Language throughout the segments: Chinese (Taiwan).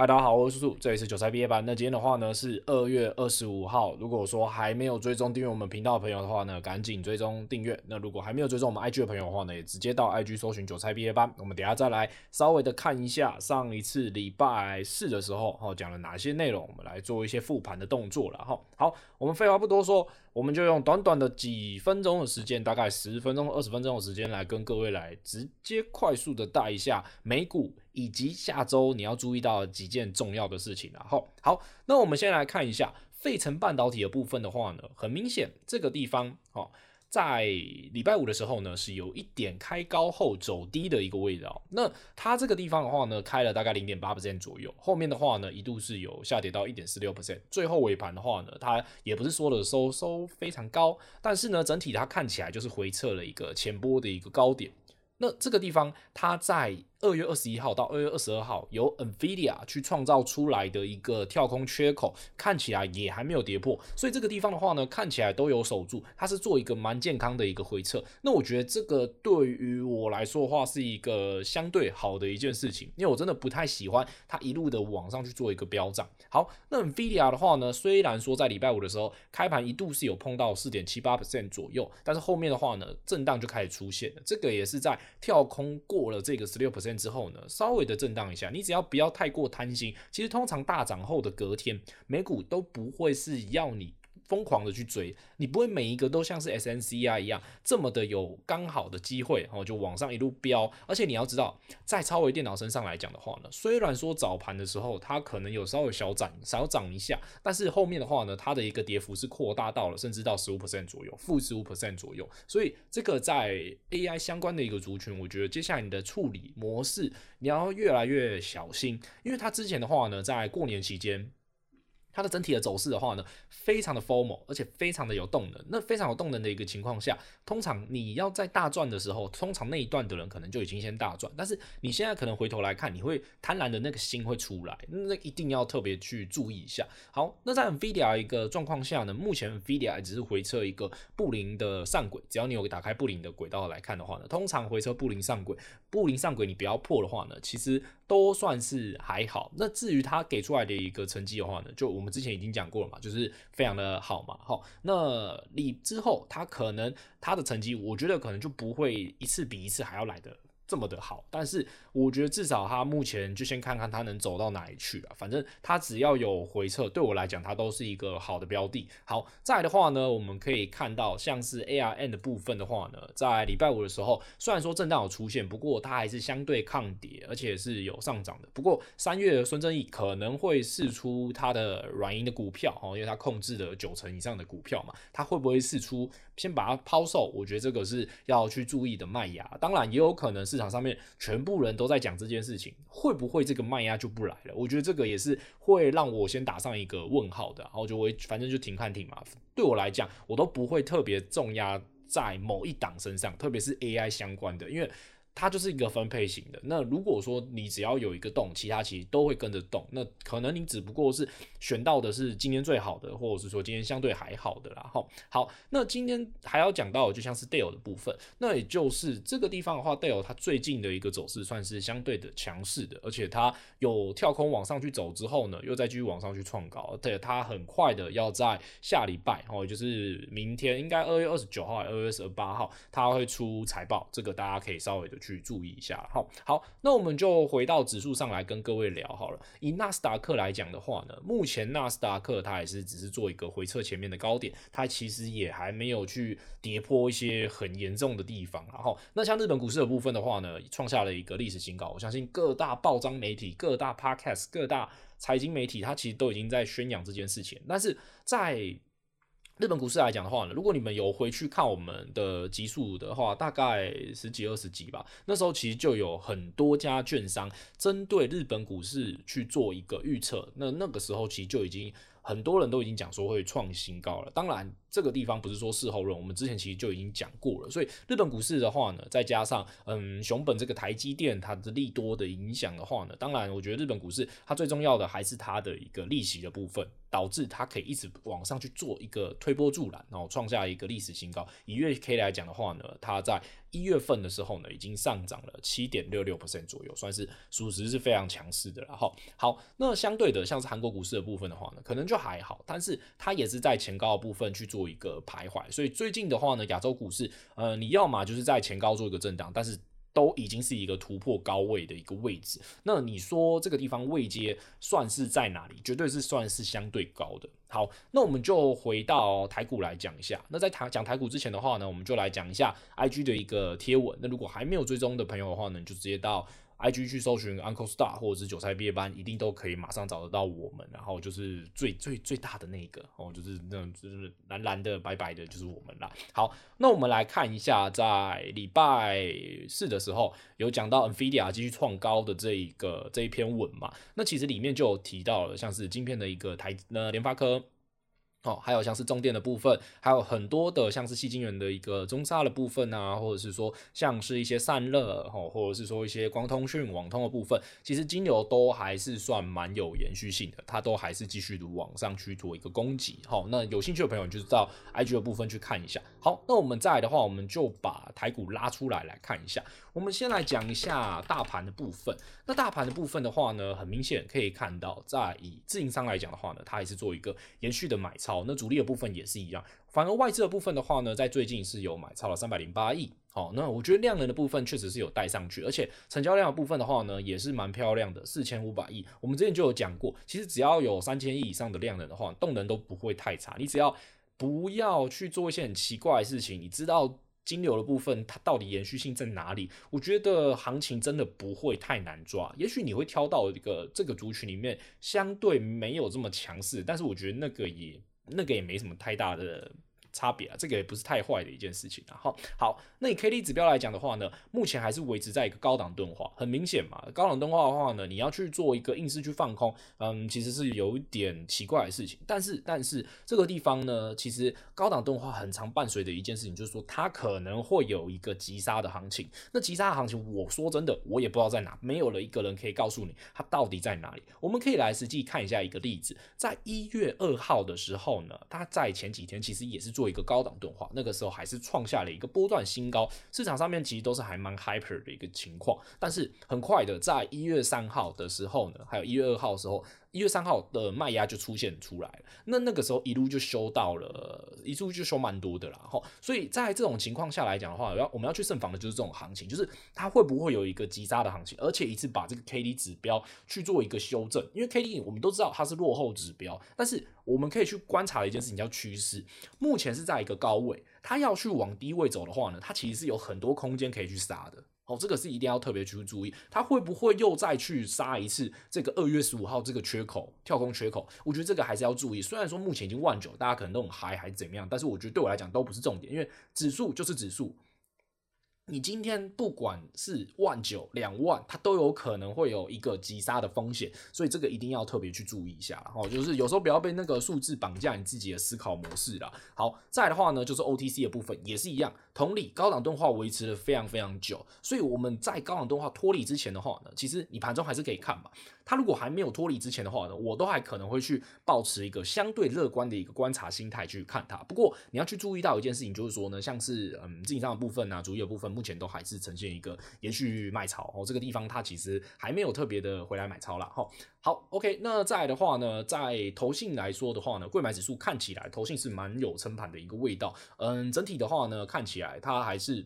嗨大家好，我是叔叔，這裡是韭菜畢業班。那今天的話呢是二月二十五號。如果說還沒有追蹤訂閱我們頻道的朋友的話呢，趕緊追蹤訂閱。那如果還沒有追蹤我們 IG 的朋友的話呢，也直接到 IG 搜尋韭菜畢業班。我們等一下再來稍微的看一下上一次禮拜四的時候，哦講了哪些內容，我們來做一些復盤的動作了哈。好，我們廢話不多說。我們就用短短的幾分鐘的時間，大概十分鐘、二十分鐘的時間，來跟各位來直接快速的帶一下美股，以及下周你要注意到的幾件重要的事情啊。然後，好，那我們先來看一下費城半導體的部分的話呢，很明顯，這個地方，哦。在禮拜五的時候呢，是有一點開高後走低的一個味道喔。那它這個地方的話呢，開了大概零點八 percent 左右。後面的話呢，一度是有下跌到一點四六 percent。最後尾盤的話呢，它也不是說的收收非常高，但是呢，整體它看起來就是回撤了一個前波的一個高點。那這個地方它在。二月二十一號到二月二十二號，由 Nvidia 去創造出來的一個跳空缺口，看起來也還沒有跌破，所以這個地方的話呢，看起來都有守住，它是做一個蠻健康的一個回撤。那我覺得這個對於我來說的話，是一個相對好的一件事情，因為我真的不太喜歡它一路的往上去做一個飆漲。好，那 Nvidia 的話呢，雖然說在禮拜五的時候開盤一度是有碰到四點七八 percent 左右，但是後面的話呢，震盪就開始出現了，這個也是在跳空過了這個十六 percent。之後呢，稍微的震盪一下，你只要不要太過貪心，其實通常大漲後的隔天，美股都不會是要你瘋狂的去追，你不會每一個都像是 SMCI 一樣這麼的有剛好的機會，然後就往上一路飆。而且你要知道，在超微電腦身上來講的話呢，雖然說早盤的時候它可能有稍微小漲，小漲一下，但是後面的話呢，它的一個跌幅是擴大到了甚至到十五 percent 左右，負十五 percent 左右。所以這個在 AI 相關的一個族群，我覺得接下來你的處理模式，你要越來越小心，因為它之前的話呢，在過年期間。它的整體的走勢的話呢，非常的 formal，而且非常的有動能。那非常有動能的一個情況下，通常你要在大賺的時候，通常那一段的人可能就已經先大賺，但是你現在可能回頭來看，你會貪婪的那個心會出來，那一定要特別去注意一下。好，那在 Nvidia 一個狀況下呢，目前 Nvidia 只是回測一個布林的上軌，只要你有打開布林的軌道來看的話呢，通常回測布林上軌，布林上軌你不要破的話呢，其實。都算是還好。那至於他給出來的一個成績的話呢，就我們之前已經講過了嘛，就是非常的好嘛。好，那你之後他可能他的成績，我覺得可能就不會一次比一次還要來的。這麼的好，但是我覺得至少他目前就先看看他能走到哪裡去啊。反正他只要有回撤，對我來講，它都是一個好的標的。好，再的話呢，我們可以看到像是 ARM 的部分的話呢，在禮拜五的時候，雖然說震盪有出現，不過它還是相對抗跌，而且是有上漲的。不過三月孫正義可能會釋出他的軟銀的股票哦，因為他控制的九成以上的股票嘛，他會不會釋出先把它拋售？我覺得這個是要去注意的。賣壓，當然也有可能是。場上面全部人都在講這件事情，會不會這個賣壓就不來了？我覺得這個也是會讓我先打上一個問號的，然後就會反正就停看停嘛。對我來講，我都不會特別重壓在某一檔身上，特別是 AI 相關的，因為。它就是一個分配型的。那如果說你只要有一個動，其他其實都會跟着動。那可能你只不過是選到的是今天最好的，或者是說今天相對還好的啦。好，好，那今天還要講到，就像是 Dell 的部分。那也就是這個地方的話，Dell 它最近的一個走勢算是相對的強勢的，而且它有跳空往上去走之後呢，又再繼續往上去創高，而且它很快的要在下禮拜哦，也就是明天應該二月二十九號還二月二十八號，它會出財報。這個大家可以稍微的去。去注意一下，好好，那我們就回到指數上來跟各位聊好了。以納斯達克來講的話呢，目前納斯達克它也是只是做一個回撤前面的高點，它其實也還沒有去跌破一些很嚴重的地方。然後，那像日本股市的部分的話呢，創下了一個歷史新高。我相信各大報章媒體、各大 podcast、各大財經媒體，它其實都已經在宣揚這件事情。但是在日本股市來講的話呢，如果你們有回去看我們的集數的話，大概十幾二十集吧，那時候其實就有很多家券商針對日本股市去做一個預測，那那個時候其實就已經很多人都已經講說會創新高了，當然。這個地方不是說事後論，我們之前其實就已經講過了。所以日本股市的話呢，再加上嗯熊本這個台積電它的利多的影響的話呢，當然我覺得日本股市它最重要的還是它的一個利息的部分，導致它可以一直往上去做一個推波助瀾，然後創下一個歷史新高。以月 K 來講的話呢，它在一月份的時候呢，已經上漲了七點六六%左右，算是屬實是非常強勢的。了。哈，好，那相對的像是韓國股市的部分的話呢，可能就還好，但是它也是在前高的部分去做。做一個徘徊，所以最近的話呢，亞洲股市，呃，你要嘛就是在前高做一個震盪，但是都已經是一個突破高位的一個位置。那你說這個地方位階算是在哪裡？絕對是算是相對高的。好，那我們就回到台股來講一下。那在台講台股之前的話呢，我們就來講一下 IG 的一個貼文。那如果還沒有追蹤的朋友的話呢，就直接到。IG 去搜尋 Uncle Star 或者是韭菜畢業班，一定都可以馬上找得到我們。然後就是最最最大的那個，哦，就是那種就是藍藍的、白白的，就是我們啦。好，那我們來看一下，在禮拜四的時候有講到 NVIDIA 繼續創高的這一個這一篇文嘛，那其實裡面就有提到了，像是今天的一個台，那聯發科。哦，還有像是重電的部分，還有很多的像是矽晶圓的一個中沙的部分啊，或者是說像是一些散熱，哈、哦，或者是說一些光通訊、網通的部分，其實金流都還是算蠻有延續性的，它都還是繼續的往上去做一個攻擊。好、哦，那有興趣的朋友，你就到 IG 的部分去看一下。好，那我們再來的話，我們就把台股拉出來來看一下。我們先來講一下大盤的部分。那大盤的部分的話呢，很明顯可以看到，在以自營商來講的話呢，它還是做一個延續的買超。那主力的部分也是一樣。反而外資的部分的話呢，在最近是有買超了三百零八億。好，那我覺得量能的部分確實是有帶上去，而且成交量的部分的話呢，也是蠻漂亮的，四千五百億。我們之前就有講過，其實只要有三千億以上的量能的話，動能都不會太差。你只要不要去做一些很奇怪的事情，你知道金流的部分它到底延續性在哪裡？我覺得行情真的不會太難抓，也許你會挑到一個這個族群裡面相對沒有這麼強勢，但是我覺得那個也那個也沒什麼太大的。差別啊，這個也不是太壞的一件事情啊。好，好，那以 K D 指標來講的話呢，目前還是維持在一個高檔鈍化，很明顯嘛。高檔鈍化的話呢，你要去做一個硬是去放空，嗯，其實是有一點奇怪的事情。但是，但是這個地方呢，其實高檔鈍化很常伴隨的一件事情，就是說它可能會有一個急殺的行情。那急殺的行情，我說真的，我也不知道在哪，沒有了一個人可以告訴你它到底在哪裡。我們可以來實際看一下一個例子，在一月二號的時候呢，它在前幾天其實也是做。一個高檔鈍化，那個時候還是創下了一個波段新高，市場上面其實都是還蠻 hyper 的一個情況，但是很快的，在一月三號的時候呢，還有一月二號的時候。一月三號的賣壓就出現出來了，那那個時候一路就修到了，一路就修蠻多的啦，哈。所以在這種情況下來講的話，我要我們要去慎防的就是這種行情，就是它會不會有一個急殺的行情，而且一次把這個 K D 指標去做一個修正，因為 K D 我們都知道它是落後指標，但是我們可以去觀察一件事情叫趨勢，目前是在一個高位。它要去往低位走的話呢，它其實是有很多空間可以去殺的，哦，這個是一定要特別去注意，它會不會又再去殺一次這個二月十五號這個缺口跳空缺口？我覺得這個還是要注意。雖然說目前已經萬九，大家可能都很嗨還是怎麼樣，但是我覺得對我來講都不是重點，因為指數就是指數。你今天不管是萬九兩萬，它都有可能會有一個急殺的風險，所以這個一定要特別去注意一下了。就是有時候不要被那個數字綁架你自己的思考模式啦。好，再的話呢，就是 OTC 的部分也是一樣，同理，高檔鈍化維持了非常非常久，所以我們在高檔鈍化脫離之前的話呢，其實你盤中還是可以看嘛，它如果還沒有脫離之前的話呢，我都還可能會去保持一個相對樂觀的一個觀察心態去看它。不過你要去注意到一件事情，就是說呢，像是嗯，自營商的部分啊，主力的部分。目前都還是呈現一個延續賣超哦，這個地方它其實還沒有特別的回來買超了。好，好，OK，那再來的話呢，在投信來說的話呢，櫃買指數看起來投信是蠻有撐盤的一個味道。嗯，整體的話呢，看起來它還是。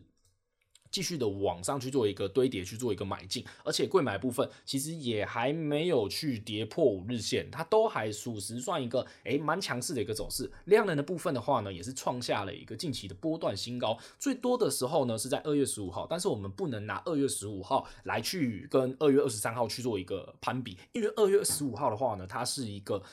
繼續的往上去做一個堆疊，去做一個買進，而且櫃買部分其實也還沒有去跌破五日線，它都還屬實算一個哎蠻強勢的一個走勢。量能的部分的話呢，也是創下了一個近期的波段新高，最多的時候呢是在二月十五號，但是我們不能拿二月十五號來去跟二月二十三號去做一個攀比，因為二月十五號的話呢，它是一個。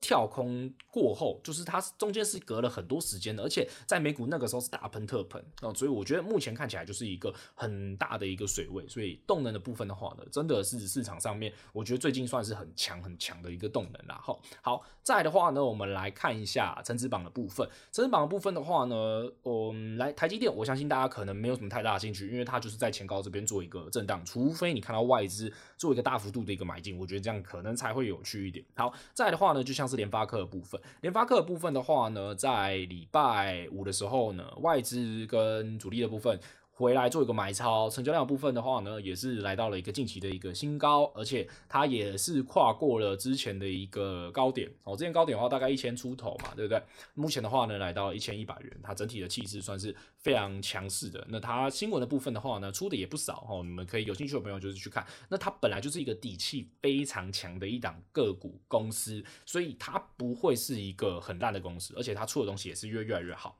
跳空過後，就是它中間是隔了很多時間的，而且在美股那個時候是大噴特噴啊、哦，所以我覺得目前看起來就是一個很大的一個水位。所以動能的部分的話呢，真的是市場上面，我覺得最近算是很強很強的一個動能啦。哦、好，好再的話呢，我們來看一下成分榜的部分。成分榜的部分的話呢，嗯，來台積電，我相信大家可能沒有什麼太大的興趣，因為它就是在前高這邊做一個震盪，除非你看到外資做一個大幅度的一個買進，我覺得這樣可能才會有趣一點。好，再的話呢，就像。是聯發科的部分，聯發科的部分的話呢，在禮拜五的時候呢，外資跟主力的部分，回來做一個買超，成交量的部分的話呢，也是來到了一個近期的一個新高，而且它也是跨過了之前的一個高點哦，之前高點的話大概一千出頭嘛，對不對？目前的話呢，來到一千一百元，它整體的氣勢算是非常強勢的。那它新聞的部分的話呢，出的也不少哦，你們可以有興趣的朋友就是去看。那它本來就是一個底氣非常強的一檔個股公司，所以它不會是一個很爛的公司，而且它出的東西也是越越來越好。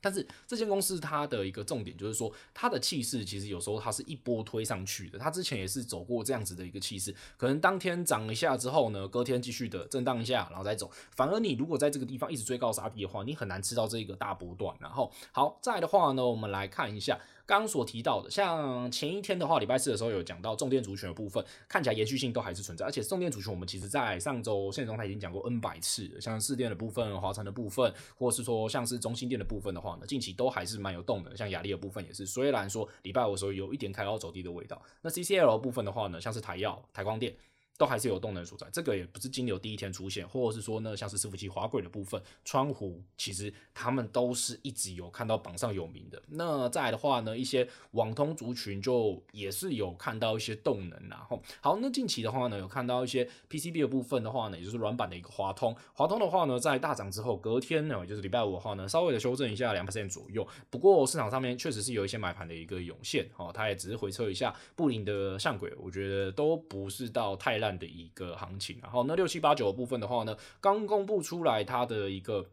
但是這間公司它的一個重點就是說，它的氣勢其實有時候它是一波推上去的。它之前也是走過這樣子的一個氣勢，可能當天漲一下之後呢，隔天繼續的震盪一下，然後再走。反而你如果在這個地方一直追高殺低的話，你很難吃到這一個大波段。然後，好，再的話呢，我們來看一下。剛所提到的，像前一天的話，禮拜四的時候有講到重點族群的部分，看起來延續性都還是存在。而且重點族群，我們其實在上週現實中態已經講過 N 百次。像士電的部分、華城的部分，或是說像是中興電的部分的話呢，近期都還是蠻有動的。像亞力的部分也是，雖然說禮拜五的時候有一點開高走低的味道。那 CCL 部分的話呢，像是台燿、台光電。都還是有動能所在，這個也不是金牛第一天出現，或者是說呢，像是伺服器滑軌的部分、窗戶，其實他們都是一直有看到榜上有名的。那再來的話呢，一些網通族群就也是有看到一些動能、啊，然後好，那近期的話呢，有看到一些 PCB 的部分的話呢，也就是軟板的一個華通，華通的話呢，在大漲之後隔天呢，也就是禮拜五的話呢，稍微的修正一下2%左右。不過市場上面確實是有一些買盤的一個湧現，哦，他也只是回測一下布林的上軌，我覺得都不是到太爛的一個行情，然後那六七八九的部分的話呢，剛公布出來，它的一個，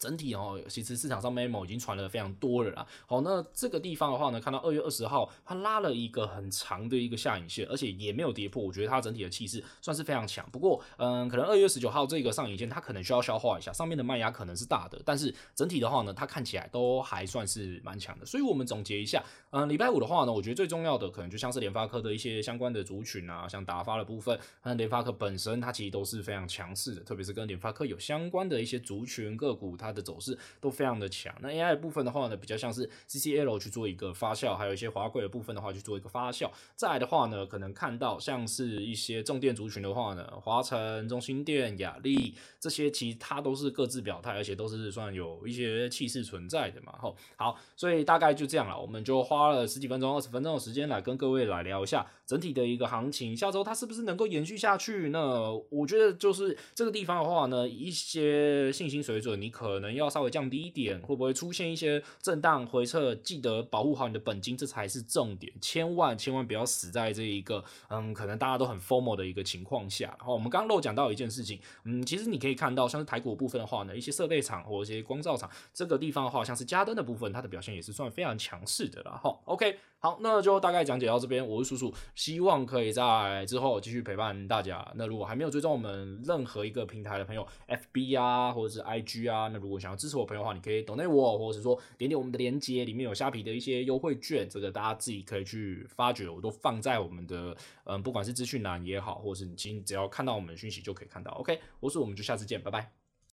整體哦，其實市場上 MEMO 已經傳了非常多了啦。好，那這個地方的話呢，看到二月二十號，它拉了一個很長的一個下影線，而且也沒有跌破，我覺得它整體的氣勢算是非常強。不過，嗯，可能二月十九號這個上影線它可能需要消化一下，上面的賣壓可能是大的。但是整體的話呢，它看起來都還算是蠻強的。所以我們總結一下，嗯，禮拜五的話呢，我覺得最重要的可能就像是聯發科的一些相關的族群啊，像達發的部分，那聯發科本身它其實都是非常強勢的，特別是跟聯發科有相關的一些族群個股，它。它的走勢都非常的強。那 AI 的部分的話呢，比較像是 CCL 去做一個發酵，還有一些華貴的部分的話去做一個發酵。再來的話呢，可能看到像是一些重電族群的話呢，華城、中興電、亞力這些，其他都是各自表態，而且都是算有一些氣勢存在的嘛。吼，好，所以大概就這樣了。我們就花了十幾分鐘、二十分鐘的時間來跟各位來聊一下整體的一個行情。下周它是不是能夠延續下去呢？那我覺得就是這個地方的話呢，一些信心水準你可。可能要稍微降低一點，會不會出現一些震盪回撤？記得保護好你的本金，這才是重點。千萬千萬不要死在這一個，嗯，可能大家都很 FOMO 的一個情況下。然後我們剛剛漏講到一件事情，嗯，其實你可以看到，像是台股部分的話呢，一些設備廠或一些光罩廠這個地方的話，像是家登的部分，它的表現也是算非常強勢的了。哈，哦，OK。好，那就大概講解到這邊。我是叔叔，希望可以在之後繼續陪伴大家。那如果還沒有追蹤我們任何一個平台的朋友，FB 啊，或者是 IG 啊，那如果想要支持我朋友的話，你可以 donate 我，或者是說點點我們的鏈接，裡面有蝦皮的一些優惠券，這個大家自己可以去發掘，我都放在我們的嗯，不管是資訊欄也好，或者是你請，只要看到我們的訊息就可以看到。嗯、OK，我是叔叔，我們就下次見，拜拜。